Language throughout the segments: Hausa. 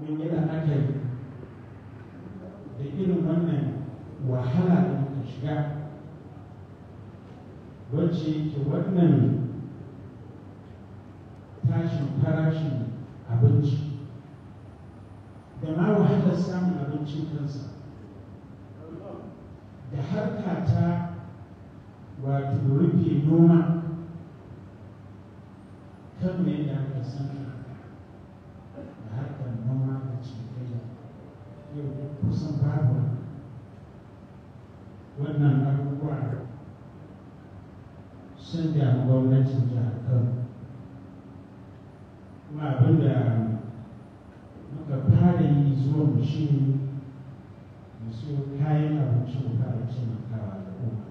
mun yi da ake da irin wannan wahala da muka shiga wacce ke wannan tashin farashin abinci da ma wahalar samun abincin kansa da harka ta wato rufe noma kan yana da aka san wannan abubuwa sun damu gwamnatin jihar kano kuma abinda muka fara yi zuwa mu shi mu siyo kayan abinci mu fara taimakawa kuma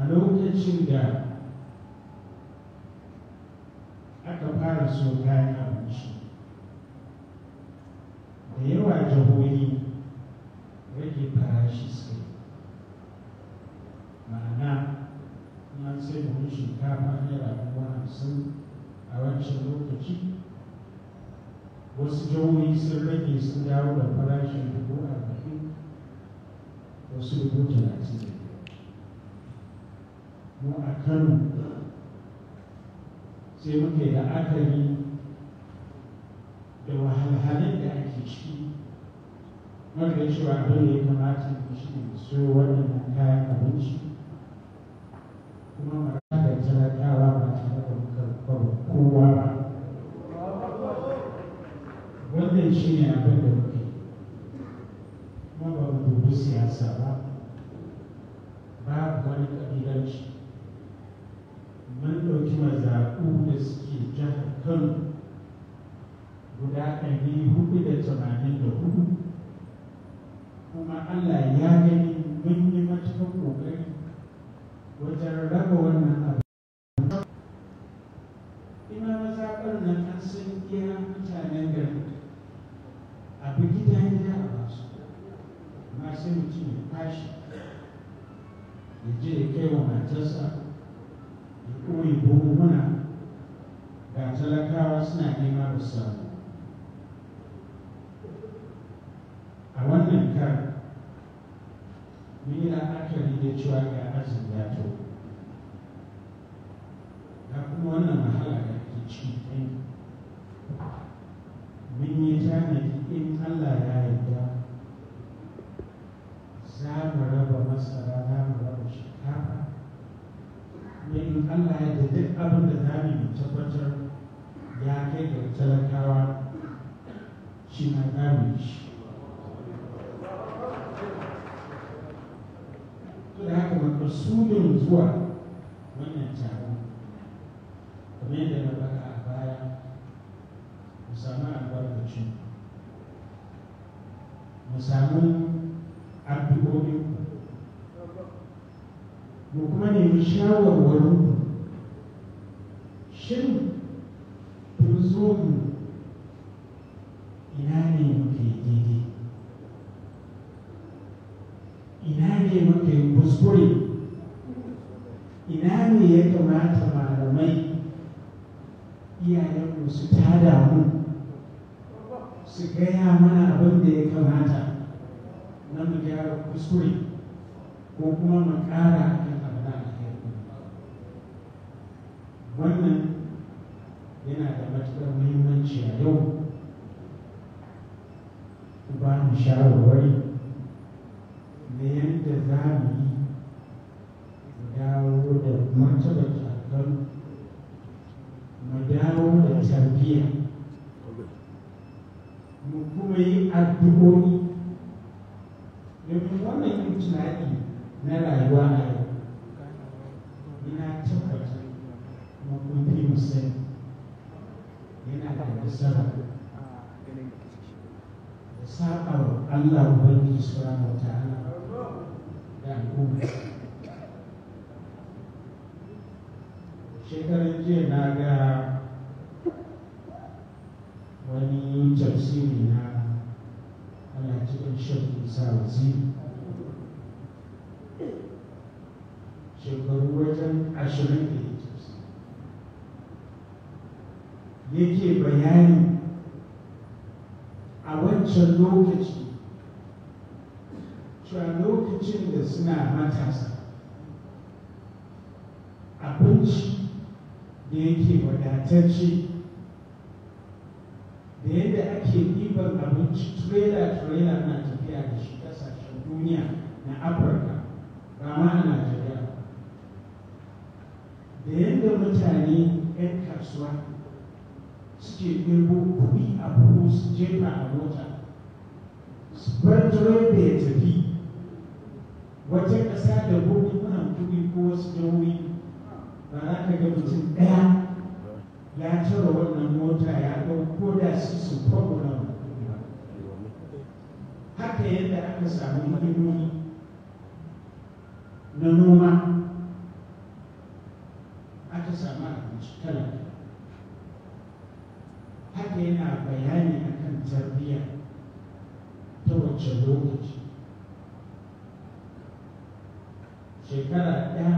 a lokacin da aka fara so kayan abinci da yawa jihohi wasu jihohi sun rage sun dawo da farashin dubu arba'in wasu dubu talatin mu a kano sai muke da akari da wahalhalin da ake ciki wanda ya cewa abin da ya kamata shi ne so wannan kayan abinci kuma ne abin da muke kuma ba mu dubi siyasa ba babu wani ƙabilanci mun ɗauki da suke jihar kano guda ɗari hudu da tamanin kuma allah ya gani mun yi matuƙar ƙoƙari wajen raba wannan abu ya je ya kai wa matarsa ya kuma yi buhuna ga talakawa suna nema da a wannan kar mun yi la'akari da cewa ga azumi ya to ga kuma wannan mahala da ake ciki mun yi tanadi in Allah ya yarda za mu raba masara za mu raba shinkafa in Allah ya da duk abin da za mu tabbatar ya kai ga talakawa shi na za shi to da haka makasudin zuwa wannan taron? mu kuma nemi shawarwarin shin tun zo mu ina ne muke ina ne muke kuskure ina ne ya kamata malamai iyayenmu su tada mu su gaya mana abin da ya kamata na mu gyara kuskure ko kuma mu kara ba mu shawarwari na yadda za mu yi mu dawo da martaba kakan mu dawo da tarbiyya mu kuma yi addu'o'i domin wannan imtila'i na rayuwa na yau ina tabbata kuma kun fi musani yana da nasara saba wa Allah Ubangiji subhanahu wa ta'ala da al'umma shekaran jiya na ga wani tafsiri na ana cikin shakku sa waziri shekaru wajen ashirin da yake bayani wancan lokaci lokacin da suna matasa abinci da yake wadatacce da yadda ake ɗiban abinci turela-turela na tafiya da shi ƙasashen duniya na afirka rama a najeriya da yadda mutane 'yan kasuwa suke ɗirbo kuɗi a buhu su jefa a mota bar direba ya tafi wajen ƙasa da wuri muna kuɗi ko wasu jawoyi ba za ka ga mutum ɗaya ya cire wannan mota ya ɗauko da su su kwamuna haka yadda aka samu hidimomi na noma aka samu abinci kala haka yana bayani akan tarbiyya wancan lokaci shekara ɗaya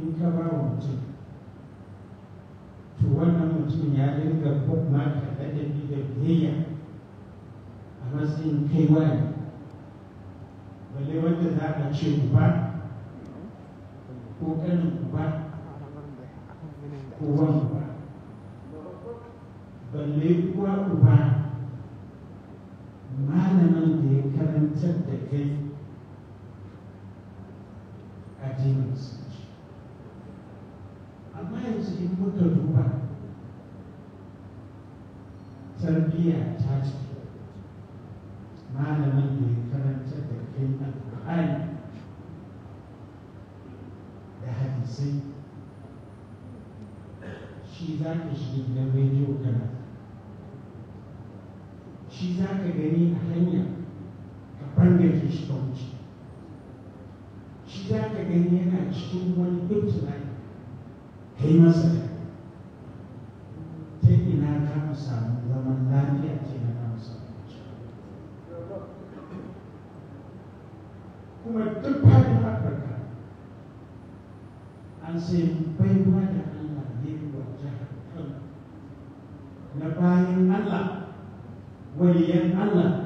in ka ba wa mutum to wannan mutum ya dinga maka ladabi da biyayya a matsayin kai waya balle wanda za a ce ba ko ƙanin ba ko wani ba balle uwa ba. kai addinin musulunci amma yanzu in muka duba tarbiyya ta ce malamin da ya karanta da kai alƙur'ani da hadisai shi za ka shiga gidan rediyo kana shi za ka gani a hanya wanda ke shiga wuce shi za ka gani yana cikin wani bitulai ka masa ta ina ka mu samu zaman lafiya ta ina ka mu samu kuma duk fadin afirka an sai baiwa da allah ne wa jihar kano na bayan allah waliyan allah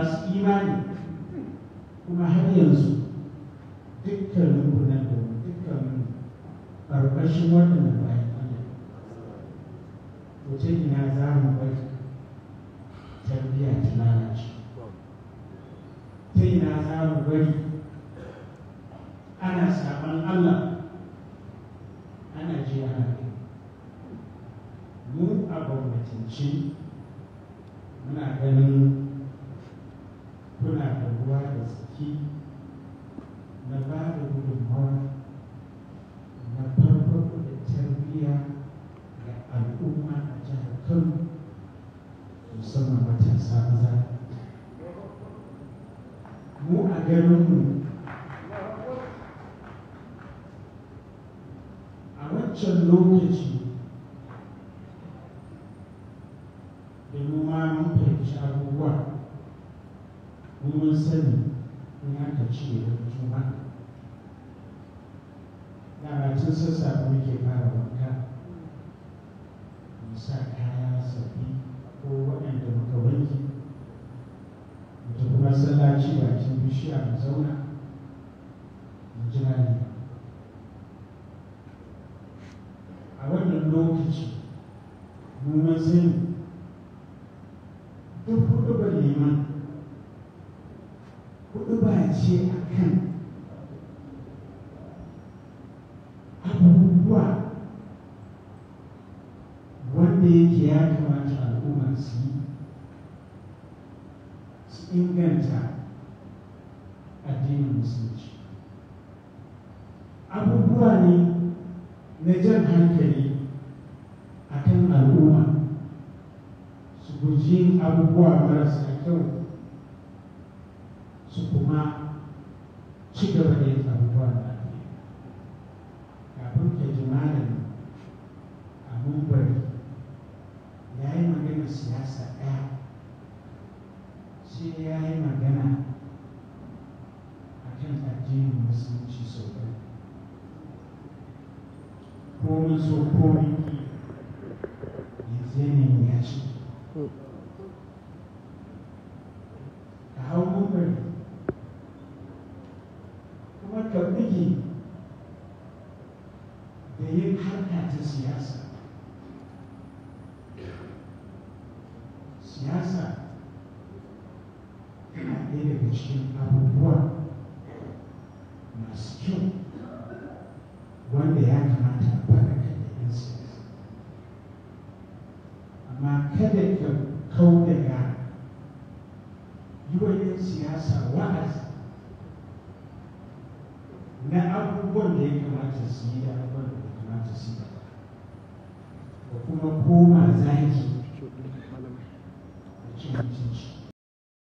masu imani kuma har yanzu dukkanin kunan da dukkanin ƙarƙashin waɗannan bayan Allah mutum ina za mu bari tarbiyya ta lalace ta ina za mu bari ana saban Allah ana ji ana mu a gwamnatance wancan lokaci domin ma mun fahimci abubuwa mun sani in aka ci da juma dama tun sassafe muke fara wanka mu sa kaya sabbi ko waɗanda muka wanke mu tafi masallaci bakin bishiya mu zauna abubuwa wanda yake ya kamata al'ummar su yi su inganta addinin musulunci abubuwa ne na jan hankali a kan al'umma su guji abubuwa marasa kyau su kuma ci gaba da yin abubuwan da kafin ke ji malami ya yi magana siyasa ɗaya sai ya kuma ka rage da yin harka ta siyasa siyasa yana ɗaya daga cikin abubuwa masu kyau wanda ya kamata a fara kada siyasa amma kada ka kau daga yi wa yan siyasa wa'azi kamata su yi da yi kuma koma zaki